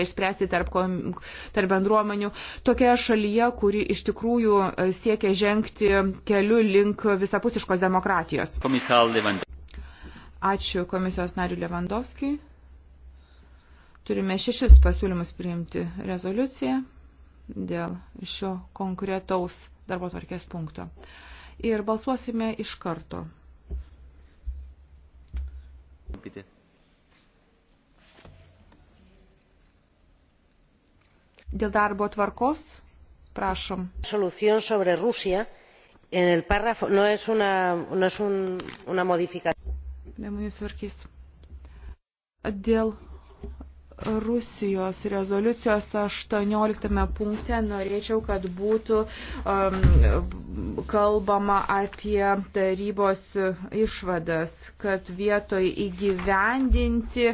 išspręsti tarp, tarp bendruomenių. Tokia šalyje, kuri iš tikrųjų e, siekia žengti keliu link visapusiškos demokratijos. Ačiū komisijos nariu Levandovskijui. Turime šešis pasiūlymus priimti rezoliuciją dėl šio konkretaus darbo tvarkės punkto. Ir balsuosime iš karto. Bitte. Dėl darbo tvarkos, prašom. Párrafo, no es una, no es un, una modificación. Dėl Rusijos rezoliucijos 18 punkte norėčiau, kad būtų um, kalbama apie tarybos išvadas, kad vietoj įgyvendinti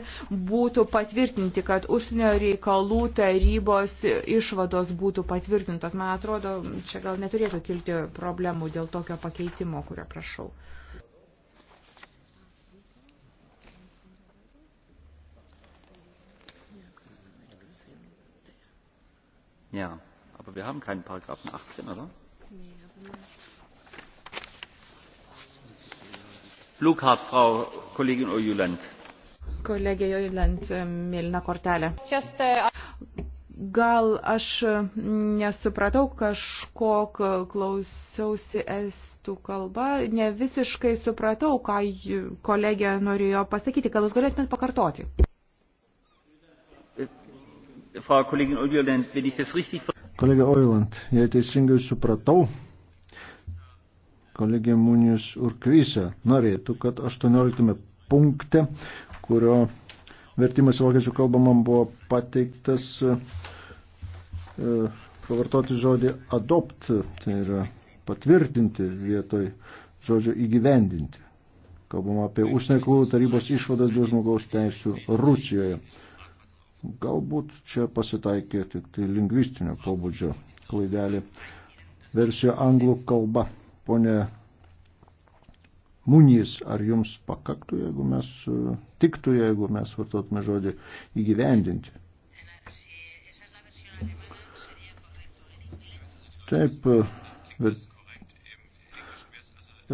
būtų patvirtinti, kad užsienio reikalų tarybos išvados būtų patvirtintos. Man atrodo, čia gal neturėtų kilti problemų dėl tokio pakeitimo, kurio prašau. Ja, aber wir haben keinen Paragraphen 18, oder? Nee, aber Blue Card, Frau Kollegin Ojuland. Kolegė Ojuland, e, mėlyna kortelė. Just, uh, Gal aš e, nesupratau kažko, klausiausi estų kalbą, ne visiškai supratau, ką kolegė norėjo pasakyti, gal jūs galėtumėt pakartoti. Frau Kollegin Ojoland, wenn ich das richtig Kollege Ojoland, jei teisingai supratau, kolegė Munijus Urkryse norėtų, kad 18 punkte, kurio vertimas į vokiečių kalbą man buvo pateiktas, e, pavartoti žodį adopt, tai yra patvirtinti vietoj žodžio įgyvendinti. Kalbama apie užsienio tarybos išvadas dėl žmogaus teisų Rusijoje. Galbūt čia pasitaikė tik tai lingvistinio pobūdžio klaidelė versija anglų kalba. Pone Munys, ar jums pakaktų, jeigu mes, tiktų, jeigu mes vartotume žodį įgyvendinti? Taip,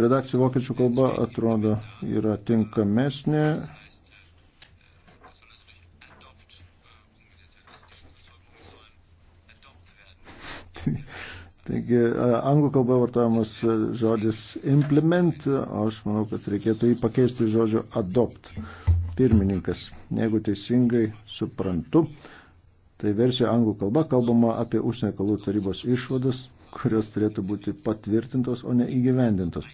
redakcija vokiečių kalba atrodo yra tinkamesnė, Taigi, anglų kalba vartojamas žodis implement, o aš manau, kad reikėtų jį pakeisti žodžiu adopt. Pirmininkas, jeigu teisingai suprantu, tai versija anglų kalba kalbama apie užsienio kalų tarybos išvadas, kurios turėtų būti patvirtintos, o ne įgyvendintos.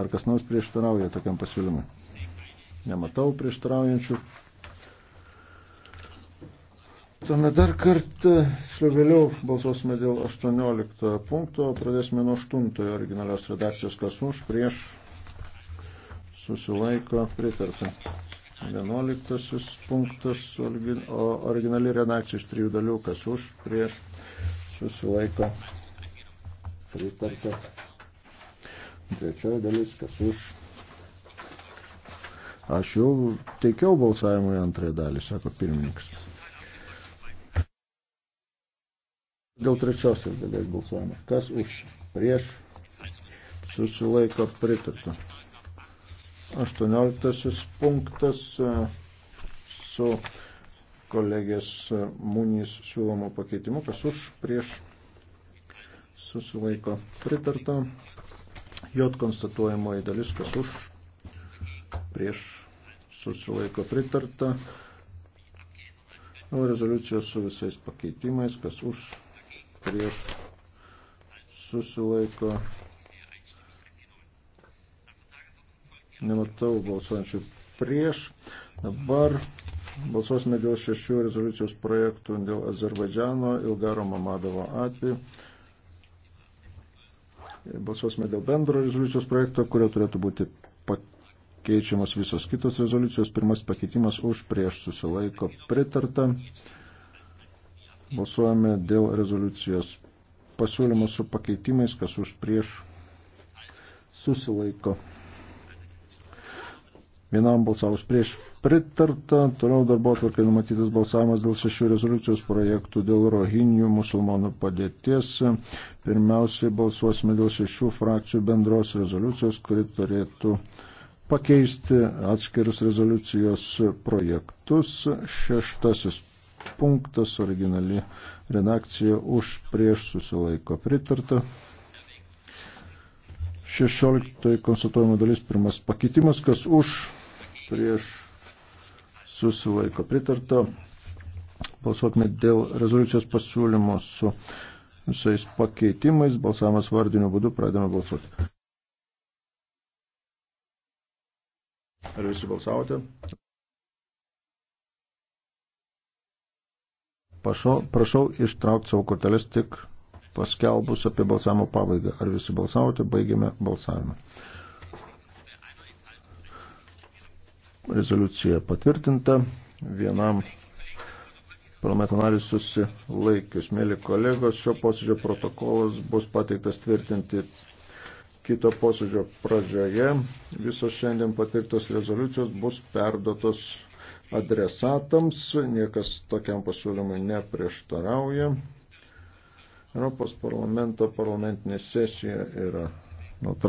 Ar kas nors prieštarauja tokiam pasiūlymui? Nematau prieštaraujančių. Tuomet dar kartą, vėliau balsuosime dėl 18 punkto, pradėsime nuo 8 originalios redakcijos, kas už, prieš, susilaiko, pritarta. 11 punktas, originali redakcija iš trijų dalių, kas už, prieš, susilaiko, pritarta. Trečioji dalis, kas už. Aš jau teikiau balsavimui antrąją dalį, sako pirmininkas. Dėl trečiosios dalies balsuojame. Kas už? Prieš? Susilaiko pritarta. 18 punktas e, su kolegės Munys siūlomo pakeitimu. Kas už? Prieš? Susilaiko pritarta. J konstatuojamoji dalis. Kas už? Prieš? Susilaiko pritarta. Rezoliucijos su visais pakeitimais. Kas už? prieš susilaiko. Nematau balsuojančių prieš. Dabar balsuosime dėl šešių rezoliucijos projektų dėl Azerbaidžiano Ilgaro Mamadovo atveju. Balsuosime dėl bendro rezoliucijos projekto, kurio turėtų būti pakeičiamas visos kitos rezoliucijos. Pirmas pakeitimas už prieš susilaiko pritarta. Balsuojame dėl rezoliucijos pasiūlymo su pakeitimais, kas už prieš susilaiko. Vienam balsavus prieš pritarta, toliau darbo atvarkai numatytas balsavimas dėl šešių rezoliucijos projektų dėl rohinių musulmonų padėties. Pirmiausiai balsuosime dėl šešių frakcijų bendros rezoliucijos, kuri turėtų pakeisti atskirus rezoliucijos projektus. Šeštasis punktas originali redakcija už prieš susilaiko pritarta. 16 konstatuojama dalis pirmas pakeitimas, kas už prieš susilaiko pritarta. Balsuokime dėl rezoliucijos pasiūlymo su visais pakeitimais. Balsavimas vardiniu būdu pradėme balsuoti. Ar visi balsavote? Pašau, prašau ištraukti savo korteles tik paskelbus apie balsavimo pabaigą. Ar visi balsavote? Baigėme balsavimą. Rezoliucija patvirtinta. Vienam parlamento narys susilaikius. Mėly kolegos, šio posėdžio protokolas bus pateiktas tvirtinti kito posėdžio pradžioje. Visos šiandien patvirtos rezoliucijos bus perdotos adresatams, niekas tokiam pasiūlymui neprieštarauja. Europos parlamento parlamentinė sesija yra nutraukta.